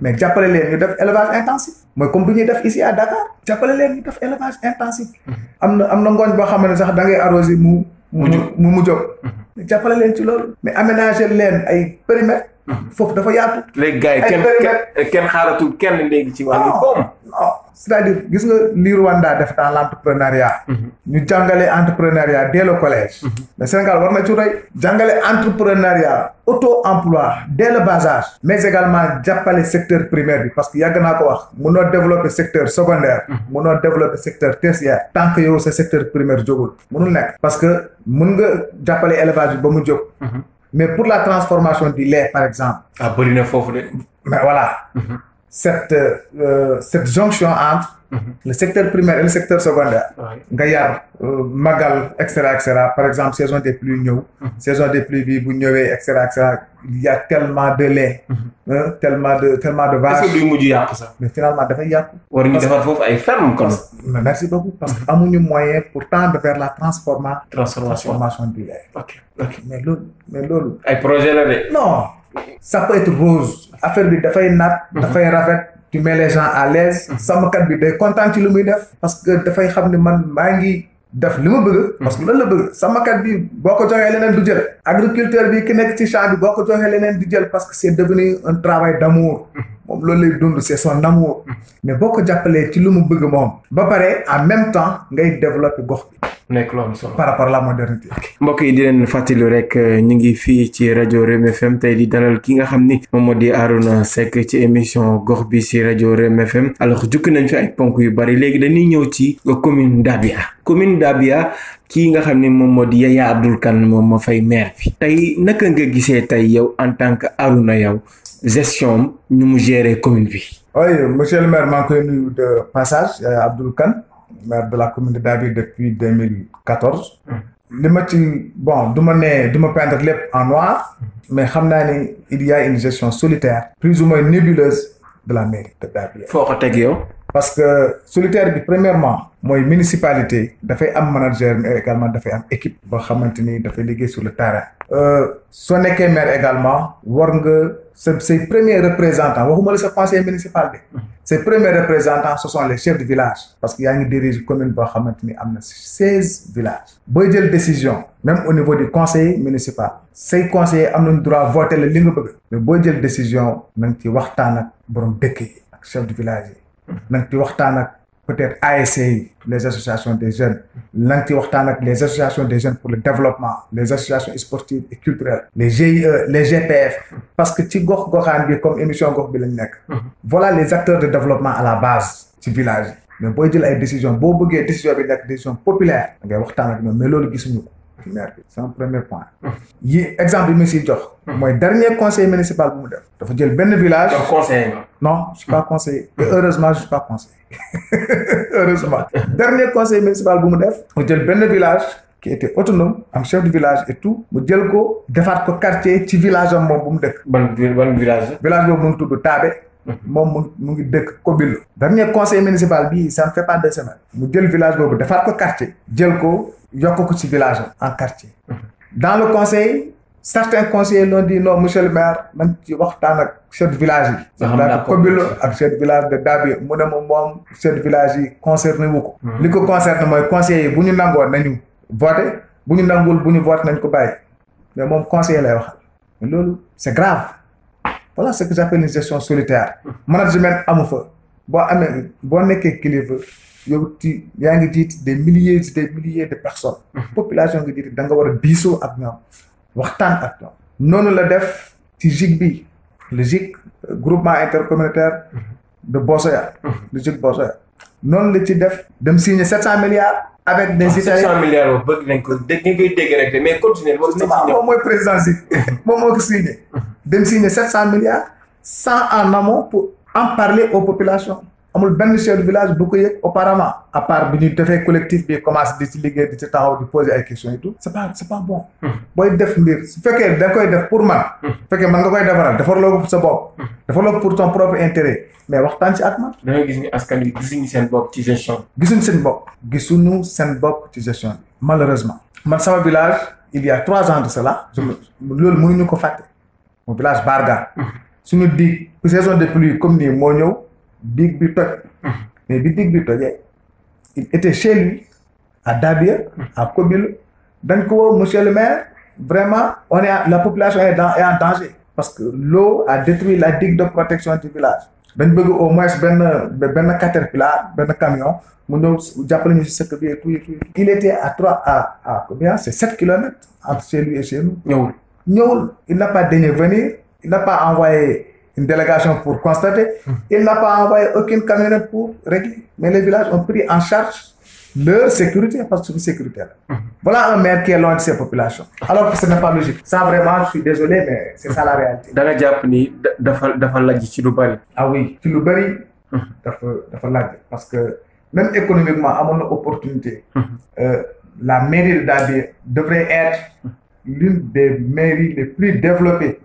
mais jàppale leen ñu def élevage intensif mooy comme bi ñuy def ici à Dakar jàppale leen ñu def élevage intensif mhm. am na am na ngooñ boo xamane sax dangay ngay arrosé mu mu mu mu jóg mhm. jàppale leen ci loolu mais aménager leen ay périmètre foofu dafa yaatu. léegi gars yi kenn kenn xaaratul kenn léegi ci wàllu koom. non c'est-à-dire gis nga li Rwanda def dans l'entrepreneuriat. Mhm. ñu jàngale entrepreneuriat dès le collège. Mhm. mais Sénégal war na ci roy. jàngale entrepreneuriat auto emploi dès le bas mais également jàppale secteur primaire bi parce que yàgg naa ko wax. munoo développer secteur secondaire. Mhm. noo développer secteur tertiaire. tant que yow sa secteur primaire jógul munul nekk. parce que mun nga jàppale élevage bi ba mu jóg. mais pour la transformation du lait par exemple. ah bëri na foofu de. mais voilà. Mm -hmm. cette euh, euh, cette jonction entre. Mhm. le secteur primaire et le secteur secondaire. nga yar euh, magal et cetera par exemple saison des pluies ñëw. Mhm. saison des pluies bi bu ñëwee et cetera et cetera y a tellement de lait. Mhm. Euh, tellement de tellement de vaches. est-ce que duñ sax. mais finalement dafay yàqu. war ñu defar foofu ay ferme kon. merci beaucoup parce que amuñu moyen pourtant de faire la transforma transformation du lait. ok ok mais loolu mais loolu. ay projet la de. non. ça peut être rose. affaire bi dafay naat. dafay tu mets les gens à l'aise mhm. sàmmkat bi day kontaan ci lu muy def parce que dafay xam ne man maa ngi def li ma bëgg mhm. parce que loolu la bëgg sàmmkat bi boo ko joxee leneen du jël agriculteur bi ki nekk ci champ bi boo ko joxee leneen du jël parce que c'est devenu un travail d'amour mhm. moom loolu lay dund c'est son amour hmm. mais boo ko jàppalee ci lu mu bëgg moom ba pare en même temps ngay développer gox bi nekk lu am solo par rapport la modernité. mbokk yi di leen fàttali rek euh, ñu ngi fii ci rajo rmfm tey di dalal ki nga xam ni moom moo di Arouna Seck ci émission gox bi si rajo rmfm FM alors jukki nañ fi ay ponk yu bari léegi dañuy ñëw ci commune Dabia commune Dabia kii nga xam ne moom moo di Yaya Abdoul moom moo fay maire bi tey naka nga gisee tey yow en tant que Arouna yow gestion ñu mu gérer commune bi. oui monsieur le maire maa ngi koy nuyu de passage Yaya Abdoul Kane maire de la commune de Dabi depuis 2014. li ma ci bon du ma nee du ma peindre lépp en noir. mais xam naa ni il y une gestion solitaire. plus ou moins nébuleuse de la mairie de Dabi. foo ko teg yow. parce que solitaire bi premièrement mooy municipalité dafay am manager mais également dafay am équipe boo xamante ni dafay liggéey sur le terrain euh, soo nekkee maire également war nga sa say premiers représentants waxuma la sa conseil municipal bi ses premiers représentants ce les chefs de village parce que yaa ngi dirige commune boo xamante ni am na seize villages booy jël décision même au niveau du conseil municipal say conseillers am nañ droit voter la li nga bëgg mais booy jël décision na nga waxtaan ak borom dëkk yi ak chef yi na nga waxtaan ak peut-être ASC yi les associations des jeunes na nga waxtaan ak les associations des jeunes pour le développement les associations sportives et culturelles les GIE les GPF parce que ci gox goxaan bi comme émission gox bi lañ nekk mhm. voilà les acteurs de développement à la base ci village mais booy jël ay décision boo bëggee décision bi nekk décision populaire da ngay waxtaan ak ñoom mais loolu gisuñu maire bi sans premier point yi exemple bi mu si jox mooy dernier conseil municipal bu mu def dafa jël benn village conseiller non je suis pas conseiller et heureusement je suis pas conseiller (laughs) heureusement dernier conseil municipal bu mu def mu jël benn village qui était autonome am chef de village et tout mu jël ko defaat ko quartier ci village am moom bu mu dëkk ban ban village village boobu mu ngi tudd Taabe moom mu ngi dëkk commune dernier conseil municipal bi ça ne fait pas mu jël village boobu defaat ko quartier. jël ko yokk ko ci village am en quartier. dans le conseil certains conseillers l'ont dit no monsieur le maire nañ ci waxtaan ak chef village yi. xam naa ak chef village de Dabi mu ne ma moom chef village yi concerné wu ko. Hmm. li ko concerné mooy conseillers yi bu ñu nangoon nañu voté bu ñu nangul bu ñu voté nañ ko bàyyi mais moom conseiller lay waxal loolu c'est grave. voilà ce que j'appelle une gestion solitaire management amu fa boo amee boo nekkee kilifa yow ti yaa ngi jiit des milliers des milliers de personnes mhm. population ngi jiit da nga war a diisoo ak ñoom waxtaan ak ñoom noonu la def ci GIC bi le GIC euh, groupement intercommunautaire mhm. de Bosoya. lu mhm. jóg Bosoya. noonu la ci def. dem signer 700 milliards. avec des ah, Italiens 700 milliards boobu bëgg nañ ko dégg nga koy dégg rek de mais continuer moom mooy président si mhm. moom moo ko signé. Mhm. dem signer 700 milliards. sans en amont pour en parler aux populations. amul benn chef de village bu ko yëg auparavant à part bi ñu defee collectif bi commencé di ci liggéey di ci taxaw di poser ay questions et tout c'est pas c'est pas bon hmm. booy def mbir fekkee da koy def pour man hmm. fekkee man nga koy defaral defarloo ko pour sa bopp hmm. defarloo ko pour ton propre intérêt mais waxtaan ci ak man da nga gis ni askan wi seen bopp ci gestion gisuñu seen bopp gisuñu seen bopp ci gestion malheureusement man sama village il y a trois ans de cela loolu mënuñu ko fàtte mon village Barga suñu di saison de pluie comme nii moo ñëw biig bi mm-hmm. mais bi biig bi tojee il était chez à Dabia mm-hmm. à Kobilo dañ ko woo monsieur le maire vraiment on est la population est dans est en danger parce que l'eau a détruit la digue de protection du village dañ bëgg au moins benn benn caterpillar benn camion mu ñëw jàppale ñu si sëkk bi et était à trois à à combien c'est sept kilomètres entre chez et chez nous ñëwul ñëwul il n'a venir il n'a envoyé une délégation pour constater. Hmm. Il n'a pas envoyé aucune camionnette pour régler. Mais les villages ont pris en charge leur sécurité parce que c'est sécuritaire. Hmm. Voilà un maire qui est loin de ses populations. Alors que ce n'est pas logique. Ça vraiment, je suis désolé, mais c'est ça la réalité. da nga jàpp ni dafa dafa laaj ci lu bari. ah oui ci lu bari. Hmm. dafa dafa laaj parce que même économiquement amoon na opportunité. Euh, la mairie de Dabi devrait être l'une des mairies les plus développées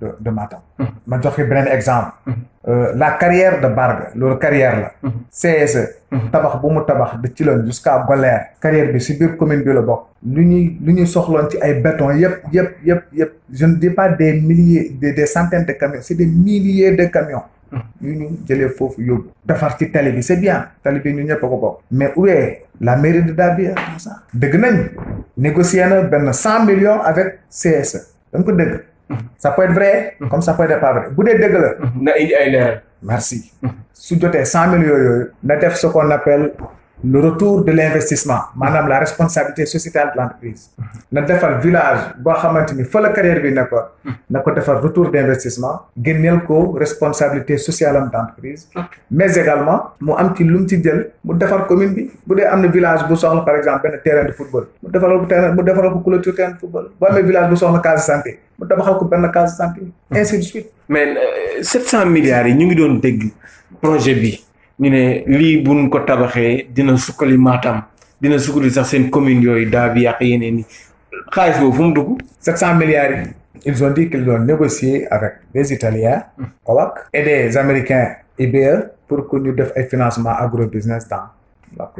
de de Matam. Mm-hmm. ma joxe beneen exemple. Mm-hmm. Euh, la carrière de Barga loolu carrière la. Mm-hmm. CSE. tabax bu mu tabax de Thilogne jusqu'à Golère. carrière bi si commune bi la bokk. lu ñuy lu ñuy soxloon ci ay béton yëpp yëpp yëpp yëpp. je ne dis pas des milliers des des centaines de camions c'est des milliers de camions. yu ñu jëlee foofu yóbbu. defar ci tali bi c'est bien. tali ñu ñëpp ko bokk. mais où est la mairie de Dabi dëgg nañ négocier na benn cent million avec CSE. da ko dëgg. ça peut être vrai. comme ça peut être vrai bu dee dëgg la. na indi ay leeral. merci. su jotee cent mille yooyu. na def ce qu'on appelle le retour de l' investissement maanaam la responsabilité sociétale de l' na defal village boo xamante ni fa la carrière bi nekkoon na ko defar retour d' investissement génneel ko responsabilité sociale am d' entreprise mais également mu am ci lu mu ci jël mu defar commune bi bu dee am na village bu soxla par exemple benn terrain de football mu defaral ko terrain mu defaral ko clôture terrain de football boo amee village bu soxla case santé mu tabaxal ko benn case santé ainsi de suite mais 700 euh, milliards yi ñu ngi doon dégg projet bi ñu ne lii buñ ko tabaxee dina sukkali Matam dina sukkali sax seen commune yooyu daa bi yàq yeneen yi xaalis boobu fu mu dugg. 700 milliards yi. ils ont dit qu'ils ont négocié avec des Italiens. COVAC et des Américains IBE pour que ñu def ay financement agro business dans la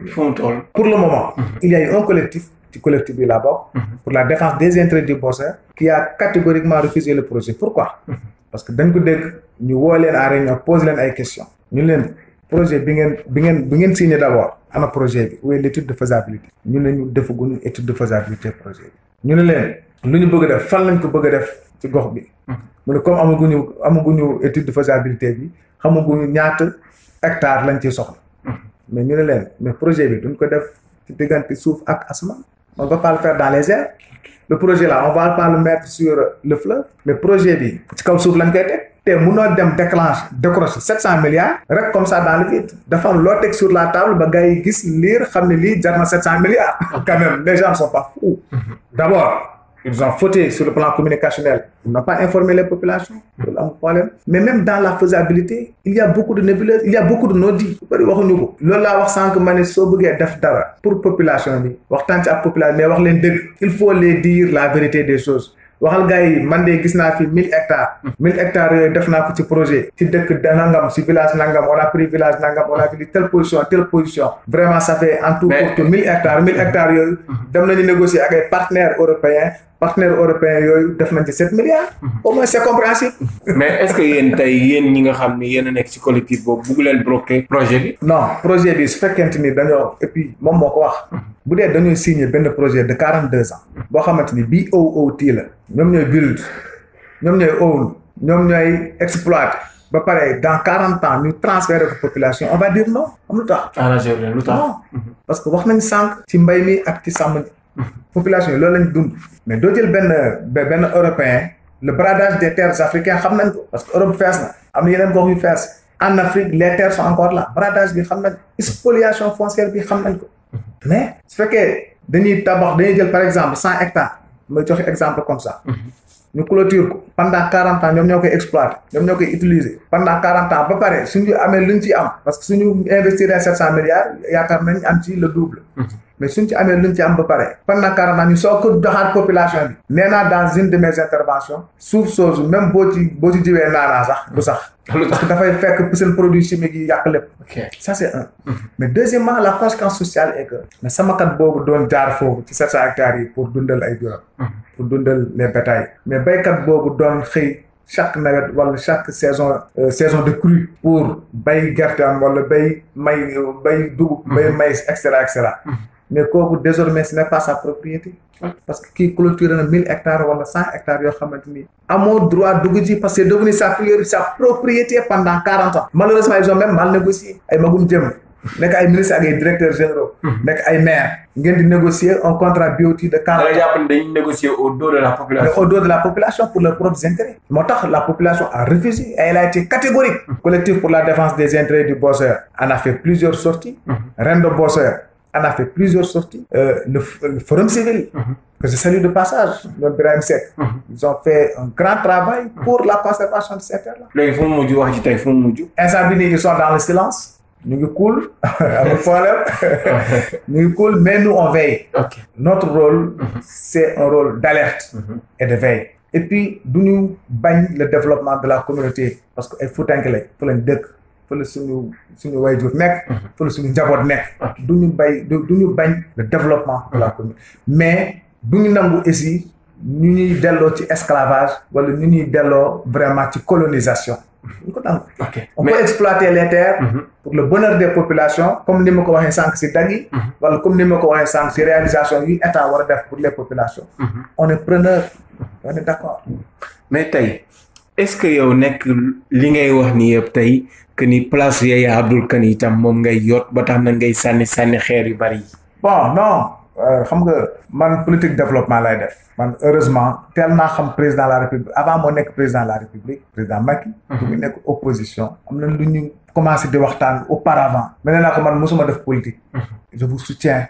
pour le moment. Mhm. il y a collectif. ci collectif bi laa bokk. Mhm. pour la défense des intérêts du Bosser. qui a catégoriquement le projet pourquoi. Mhm. parce que dañ ko ñu wooleen leen à réunion pose leen ay questions. ñu leen projet bi ngeen bi ngeen bi ngeen signé d' abord ana projet bi où est l' étude de faisabilité ñu ne ñu defaguñu étude de faisabilité projet bi ñu ne leen lu ñu bëgg def fan lañ ko bëgg a def ci gox bi mu ne comme amaguñu amaguñu étude de faisabilité bi xamaguñu ñaata hectare lañ ciy soxla mais ñu ne leen mais projet bi duñ ko def ci diggante suuf ak asma on va pas le faire le projet là on va pas le mettre sur le fleuve mais projet bi ci kaw suuf lañ te teg noo dem déclenche décroche sept cent milliards rek comme ça dans le vide dafa am loo teg sur la table ba gars gis liir xam ne lii jar na sept cent milliards quand même les gens ne sont pas fous mhm. d'abord ils ont fauté sur le plan communicationnel. Ils n'ont pas informé les populations. Mais même dans la faisabilité, il y a beaucoup de nébuleuses, il y a beaucoup de non-dits. Pour population, bi wax leen il faut les dire la vérité des choses. waxal gars yi man de gis naa fi mille hectares mille hectares yooyu def naa ko ci projet ci dëkk nangam ci village nangam on a pris village nangam on a pris telle position telle position vraiment ça fait en tout pour tout mille hectares mille hectares yooyu mmh. dem nañu négocier ak ay partenaires européens partenaires européens yooyu def nañ ci sept milliards. Mhm. au moins c'est compréhensible. (laughs) mais est-ce que yéen tey yéen ñi nga xam ni yéen nekk ci collectif boobu bugg leen bloquer projet bi. non projet bi su fekkente ni dañoo et moom moo ko wax. Mhm. bu dee dañoo signé benn projet de quarante deux ans. boo xamante ni BOOT la. ñoom ñooy build ñoom ñooy own ñoom ñooy exploiter. ba pare dans quarante ans ñu transféré ko population on va dire non am lu tax. arrangé leen lu tax mhm. parce que wax mbay mi ak ci sàmm. population yi loolu lañ dund mais doo jël benn benn européen le bradage des terres africaines xam nañ ko parce que Europe fees na am na yeneen gox yu fees en Afrique les terres encore la bradage bi xam nañ spoliation foncière bi xam nañ ko mais su fekkee dañuy tabax dañuy jël par exemple cent hectares ma joxe exemple comme ça ñu clôture ko pendant quarante ans ñoom ñoo koy exploiter ñoom ñoo koy utiliser pendant quarante ans ba pare suñu amee luñ ci am parce que suñu investir sept cent milliards yaakaar nañ am ci le double mais suñ ci amee luñ ci am ba pare pendant quarante ans ñu soo ko doxaat population bi nee naa dans une de mes interventions suuf soosu même boo ci boo ci jiwee naanaa sax bu sax parce dafay fekk seen produit chimique yi yàq lépp ça c'est un mhm. mais deuxièmement la conséquence sociale est que mais samakat boobu doon jaar foofu ci sept cent hectares yi pour dundal ay juróom mhm. pour dundal les bétails mais béykat boobu doon xëy chaque nawet wala chaque saison euh, saison de crue pour bay gerteem wala bay may bay dugub mhm. bay maïs et cetera mais kooku désormais ce n'est pas sa propriété parce que kii clôture na mille hectares wala cent hectares yoo xamante ni amoo droit dugg ci parce que c'est devenu sa priori sa propriété pendant quarante ans malheureusement ils ont même mal négocié ay magum jëm nekk ay ministres ak ay directeurs généraux mhm. nekk ay maires ngeen di négocier un contrat BOT de quarante ans da ne dañuy négocier au dos de la population au dos de la population pour leurs propres intérêts moo tax la population a refusé et elle mhm. en a en a fait plusieurs sorties. Euh, le, le, Forum civil, mhm. que je salue de passage, le Brahim Sec, mhm. ils ont fait un grand travail mhm. pour la conservation de cette terre-là. Ils font mon Dieu, ils font mon Dieu. ils sont dans le silence. Nous sommes cool, avec (laughs) (laughs) nous cool, mais nous on veille. Okay. Notre rôle, c'est un rôle d'alerte et de veille. Et puis, nous bagnons le développement de la communauté, parce qu'il faut t'inquiéter, pour le décret. fa la suñu suñu waajur nekk. Mhm. fa la suñu njaboot nekk. du ñu bay du ñu bañ le développement la mhm. commune mais du ñu nangu aussi ñu ñuy delloo ci esclavage wala ñu ñuy delloo vraiment ci colonisation. ñu ko nangu. on peut exploiter les terres. Mhm. pour le bonheur des populations comme ni ma ko waxee sànq si dag yi. wala comme ni ma ko waxee sànq si réalisation yi état war a def pour les populations. on est preneur. on est d'accord. mais tey est-ce que yow nekk li ngay wax ni yëpp tey que ni place Yaya Abdoul Kane itam moom ngay yot ba tax na ngay sànni sànni xeer yu bari yi. bon non euh, xam nga man politique développement lay def man heureusement teel naa xam président de la république avant moo nekk président de la république président Macky. bu mhm. mu nekk opposition am na lu ñu commencé di waxtaan auparavant. mais nee naa ko man mosuma def politique. Mhm. je vous soutiens.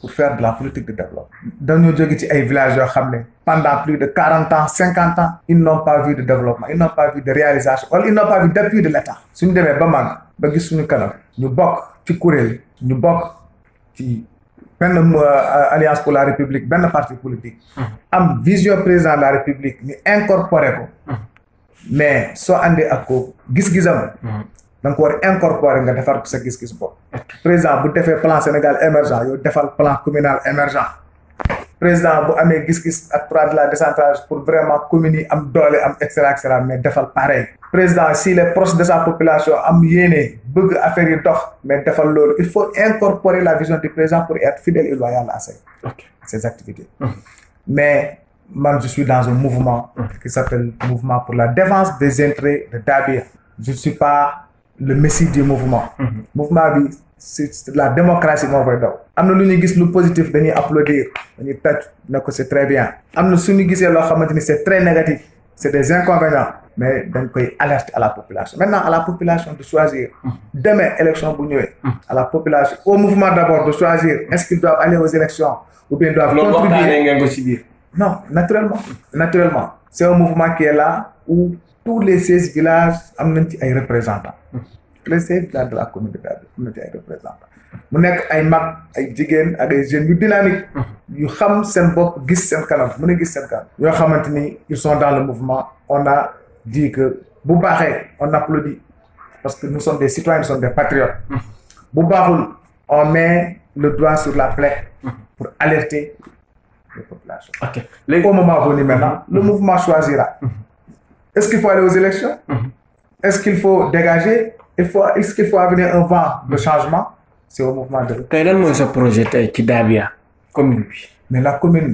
pour faire de la politique de développement. dañoo jóge ci ay villages yoo xam ne pendant plus de quarante ans cinquante ans ils n'ont pas vu de développement ils n'ont pas vu de réalisation wala ils n'ont pas vu de l'État suñu demee ba màgg ba gis suñu kanam ñu bokk ci kuréel ñu bokk ci benn euh, alliance pour la république benn parti politique am vision président de la république ñu incorporé ko mais so àndee ak ko gis-gisam da nga ko war a incorporer nga defar ko sa gis-gis bopp président bu defee plan Sénégal émergent yow defal plan communal émergent président bu amee gis-gis ak droit de la décentralisation pour vraiment communes yi am doole am et cetera mais defal pareil président si est proche de sa population am yéene bëgg affaire yi dox mais defal loolu il faut incorporer la vision du président pour être fidèle et loyal à ses okay. ses activités mais man je suis dans un mouvement qui s'appelle pour la défense des intérêts de le messie du mouvement. Mm-hmm. mouvement bi c'est la démocratie moo koy daw. am na lu ñu gis lu positif dañuy applaudir dañuy tàcc ne c'est très bien. am na suñu gisee loo xamante ni c'est très négatif c'est des inconvénients. mais dañ koy alerter à la population maintenant à la population de choisir. Mm-hmm. demain élection bu ñëwee. Mm-hmm. à la population au mouvement d'abord de choisir est-ce qu'ils doivent aller aux élections ou bien doivent contribuer non naturellement. naturellement tous les seize villages am nañ ci ay représentants tous les seize villages de la commune ay représentants mu nekk ay mag ay jigéen ak ay jeunes yu dynamique mhm. yu xam seen bopp gis seen kanam mën ne gis seen kanam yoo xamante ni ils sont dans le mouvement on a dit que bu baaxee on applaudit parce que nous sommes des citoyens nous sommes des patriotes mhm. bu baaxul on mais le doigt sur la plaie mhm. pour alerter les populations ok léegi au moment venu maintenant le mouvement choisira Est-ce qu'il faut aller aux élections mm -hmm. Est-ce qu'il faut dégager un vent de changement C'est au mouvement de. tey lan mooy sa projet tey ci commune bi. mais la commune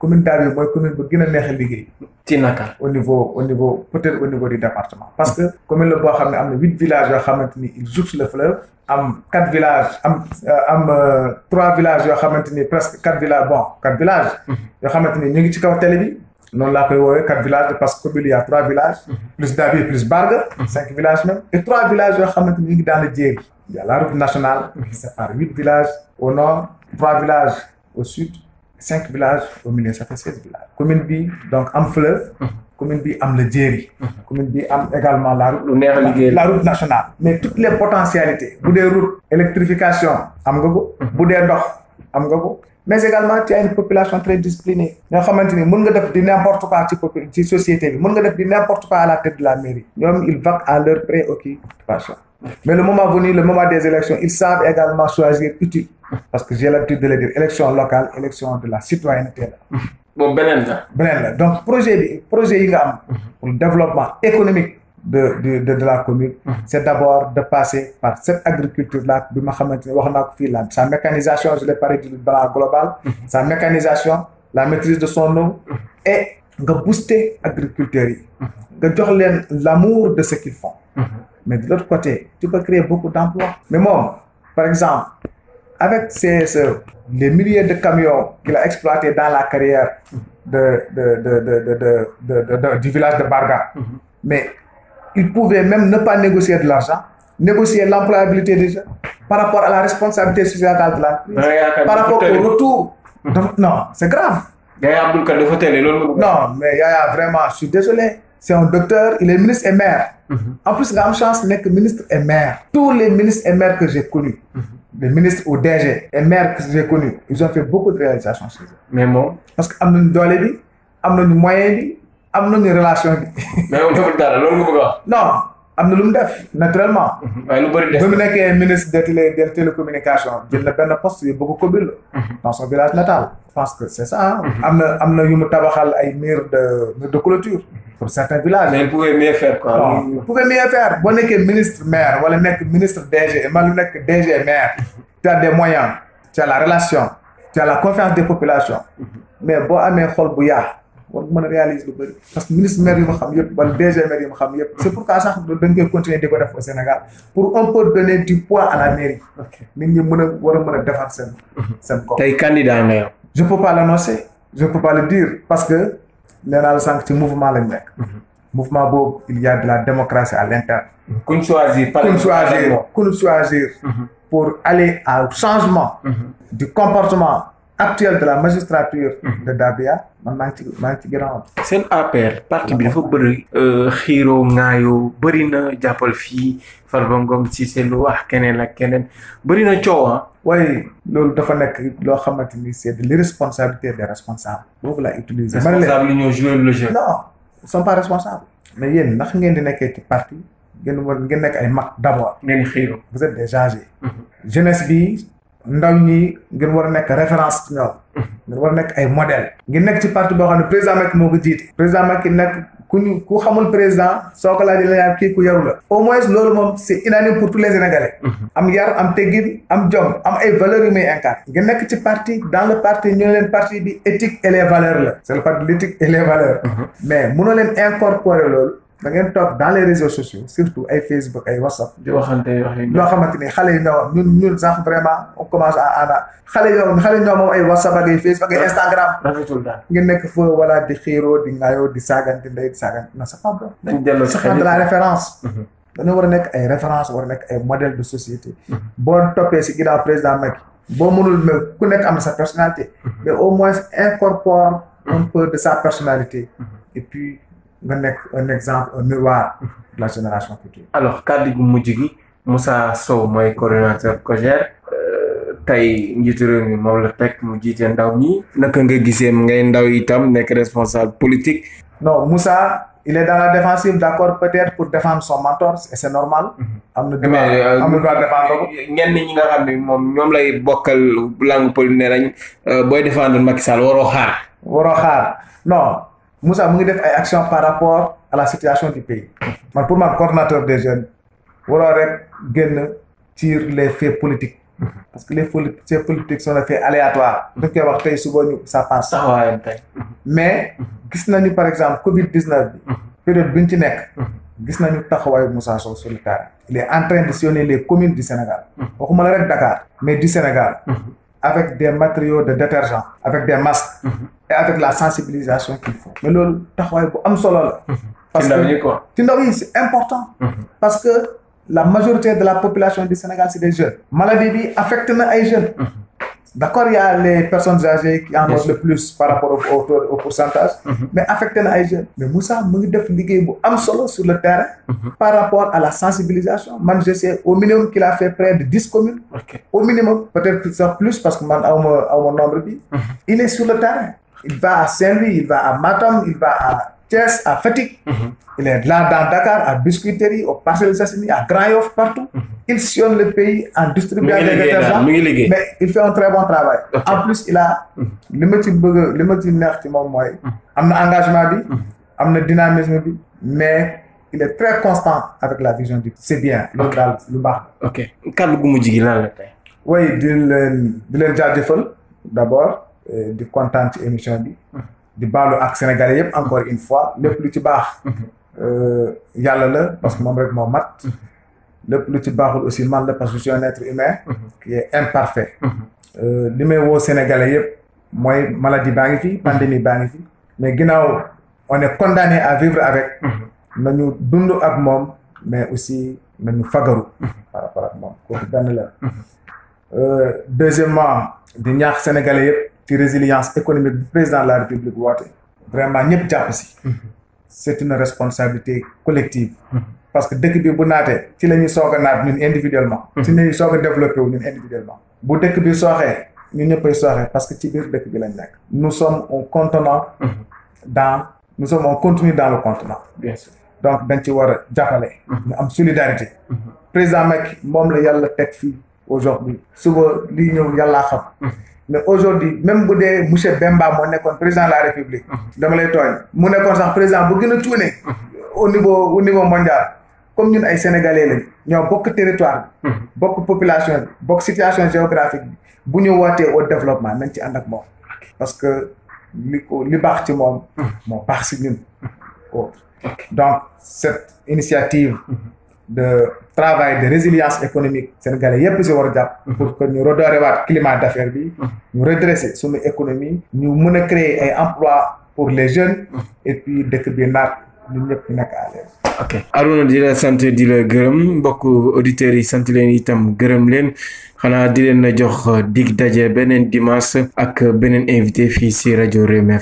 commune mooy commune bu gën a neex a liggéey. ci naka. au niveau au niveau peut-être au niveau du département. parce que commune la boo xam ne am na huit villages yoo xamante ni ils jouxtent le fleuve. am quatre villages am euh, am euh, trois villages yoo xamante ni presque quatre villages bon quatre villages. Mm-hmm. yoo xamante ci kaw télé noonu la koy woowee quatre villages parce que commune il y a trois villages. Mhm. plus Dabi mhm. cinq villages même et trois villages yoo xamante ni ñu ngi daan a jéeg. y a la route nationale. Mhm. au nord trois villages au sud cinq villages au milieu ça fait commune bi donc am fleuve. commune bi am la jéeri. commune bi am également la route. lu neex a liggéey la route nationale. mais toutes les potentialités. bu dee route électrification am nga ko. bu dee ndox am nga ko. mais également tu as une population très disciplinée ñoo nga def di n'importe quoi ci popu ci société bi mën nga def di n'importe quoi à la tête de la mairie ñoom ils vaquent à leurs préoccupations mais le moment venu le moment des élections ils savent également choisir utile parce que j'ai l'habitude de le dire élection locale élection de la citoyenneté la bon beneen la donc projet bi projet yi nga am pour développement économique de de de, la commune. Mmh. c'est d'abord de passer par cette agriculture là bi ma xamante ne wax naa ko fii la sa mécanisation je l'ai parlé du plan global. Ah. sa mécanisation la maîtrise de son eau. Ah. et nga booster agriculteurs yi. nga jox leen l'amour de ce qu'ils font. mais de l'autre côté tu peux créer beaucoup d'emplois. mais moom par exemple avec CSE les milliers de camions qu'il a exploités dans la carrière de de de de de de, de, de du village de Barga. Mmh. mais ils pouvaient même ne pas négocier de l'argent négocier l'employabilité des jeunes par rapport à la responsabilité sociétale de l'entreprise par rapport au retour non c'est grave Yaya Abdou Kader dafa télé loolu non mais Yaya vraiment je désolé c'est un docteur il est ministre et maire mhm. en plus nga am chance nekk ministre et maire tous les ministres et maires que j'ai connus mhm. les ministres au DG et maires que j'ai connus ils ont fait beaucoup am nañu relation bi. mais moom deful loolu nga bëgg wax. non am na lu mu def naturellement. waaye mhm. lu bëri def mu nekkee ministre des télé des télécommunications. jël na benn poste yu bëgg ko bill. Mhm. dans son village natal. je que c' ça. Mhm. am na am na yu mu tabaxal ay murs de murs de clôture. pour certains villages. mais il pouvait mieux faire quoi. nekkee ministre maire wala nekk ministre DG ma nekk DG maire. tu des moyens. tu la relation. tu la confiance des populations. mais boo amee xol bu yaa. war ko mën a réaliser lu bëri parce que ministre maire yu ma xam yëpp wala DG maire yu ma xam yëpp c'est pourquoi sax dañ continuer di ko def au Sénégal pour un peu donner du poids à la mairie nit ñi mën a war a mën a defar seen ko tey candidat nga je peux pas l'annoncer je peux pas le dire parce que nee naa la sànq ci mouvement lañ nekk mhm. mouvement boobu il y de la démocratie à l'interne mhm. kuñ choisir kuñ choisir mhm. pour aller au changement du comportement actuel de la magistrature. Mhm. de Dabia man maa ngi ci maa ngi ci seen APR parti bi dafa bëri. Euh, xiiroo ŋaayoo bëri na jàppal fii Farba Ngom Cissé lu wax keneen ak keneen bëri na coow ah. loolu dafa nekk loo xamante ni c' est de l' irresponsabilité des responsables. boobu laa utiliser. responsable ñoo joué le jeu. non ils sont pas responsables. mais yéen ndax ngeen di nekkee ci parti ngeen war ngeen nekk ay mag d' abord. ngeen xiiroo vous êtes des âgés. Mhm. jeunesse bi. ndaw ñi ngeen war a nekk référence ñoom ngeen war nekk ay modèle ngeen nekk ci parti boo xam ne président Macky moo ko jiite président Macky nekk ku ñu ku xamul président soo ko laajee la kii ku yaru la au moins loolu moom c' est unanime pour tous les sénégalais mhm. am yar am teggin am jom am ay valeur yu muy incarne ngeen nekk ci parti dans le parti ñu ne leen parti bi éthique et les valeurs la c' est le parti de l' éthique et les mhm. mais mënoo leen incorporer loolu da ngeen toog dans les réseaux sociaux surtout ay Facebook ay WhatsApp. loo xamante ni xale yi ñoo ñun ñun sax vraiment on commence à ana xale yoo xale ñoo moom ay WhatsApp ak ay Facebook ak ay Instagram. rafetul daal ngeen nekk fa wala di xiiroo di ngaayoo di saagante ndey di saagante non c'est la référence. Mhm. dañoo a nekk ay référence a nekk ay modèle de mhm. boo toppee si ginnaaw ku nekk am na sa personnalité. Mhm. mais au moins incorpore un peu de sa personnalité. et nga nekk un exemple un miroir de la génération future. alors kàddu gu mujj gi Moussa Sow mooy coordonnateur COJER euh, tey njiitu réew mi moom la teg mu jiite ndaw ñi. naka nga gisee ngay ndaw itam nekk responsable politique. non Moussa il est dans la défensive d'accord peut-être pour défendre son mentor et c'est normal. Mhm. Euh, am na droit défendre moom ñoom lay bokkal langue politique ne lañ euh, booy défendre Macky Sall waroo xaar. waroo xaar non. Moussa mu ngi def ay action par rapport à la situation du pays man pour man coordonnateur des jeunes waroo rek génn sur les faits politiques parce que les faits politiques sont des faits aléatoires daf koy wax tey suba ñu ça passe mais gis nañu par exemple Covid 19 bi période bi ñu ci nekk gis na ñu taxawaayu Moussa Sow sur le terrain les est en train de les communes du Sénégal waxuma la rek Dakar mais du Sénégal avec des matériaux de détergent avec des masques mhm. et avec la sensibilisation qu'il faut mais loolu taxawaay bu am solo la mhm. parce que c'est important mhm. parce que la majorité de la population du Sénégal c'est des jeunes maladie bi affecte na ay jeunes D'accord, il y a les personnes âgées qui en ont le plus par rapport au, au, au mhm. mais affecté na ay jeunes. mais Moussa mu ngi def liggéey bu am sur le terrain. Mhm. par rapport à la sensibilisation man je sais au minimum qu'il a fait près de dix communes. au minimum peut-être sax plus parce que man nombre bi. Mhm. il est sur le terrain. il va à saint il va à Matam il va à. Thiès à Fatick. il est la dans Dakar à Biscuiterie aux Parcelles Assainies à Grand Yoff partout. Mm-hmm. il sillonne le pays en distribuant des détergents mais il fait un très bon travail. en plus il a. Mm-hmm. li ma ci bëgg li ma ci neex ci moom mooy. Mm-hmm. am na engagement bi. am na dynamisme bi mais. il est très constant avec la vision du c'est bien loolu daal lu baax la ok kàddu gu mujj gi lan la tey oui di leen di leen jaajëfal d'abord di kontaan ci émission bi di baalo ak sénégalais yëpp encore une fois lépp lu ci baax euh, yàlla la parce que moom rek moo mat lépp lu ci baaxul aussi man la parce que je suis un être humain est imparfait euh, li may woo sénégalais yëpp mooy maladie baa ngi fi pandémie baa ngi fi mais ginnaaw on est condamné à vivre avec nañu dund ak moom mais aussi nañu fagaru par rapport ak moom kooku benn la euh, deuxièmement di ñaax sénégalais yëpp ci résilience économique bu président la république woote vraiment ñëpp jàpp si c'est une responsabilité collective parce que dëkk bi bu naatee ci la ñuy soog a naat ñun individuellement ci la ñuy soog a développé wu ñun individuellement bu dëkk bi sooxee ñun ñëppay sooxee parce que ci biir dëkk bi lañ nekk nous sommes un contenant dans nous sommes on continue dans le contenant bien donc dañ ci war a jàppale ñu am solidarité président Macky moom la yàlla teg fii aujourd'hui suba lii ñëw yàllaa xam mais aujourd'hui même bu dee monsieur Bemba moo nekkoon président la république. Mhm. dama lay tooñ mu nekkoon sax président bu gën a tuune. Mhm. au niveau au niveau mondial. comme ñun ay sénégalais lañ ñoo bokk territoire mhm. bokk population bi bokk situation géographique bu ñu wootee au développement nañ ci ànd ak moom. parce que li ko baax ci moom. moo baax si ñun. donc cette initiative. de travail de résilience économique sénégalais yépp si war a jàpp mhm. pour que ñu redorer waat climat d'affaires bi mhm. ñu redresser suñu économie ñu mën a créer ay emplois pour les jeunes mhm. et puis dëkk bi naat ñun ñëpp ñu nekk à di la sant di la gërëm mbokk auditeurs yi sant leen itam gërëm leen xanaa di leen jox dig daje beneen dimanche ak beneen invité fii si rajo Rewmi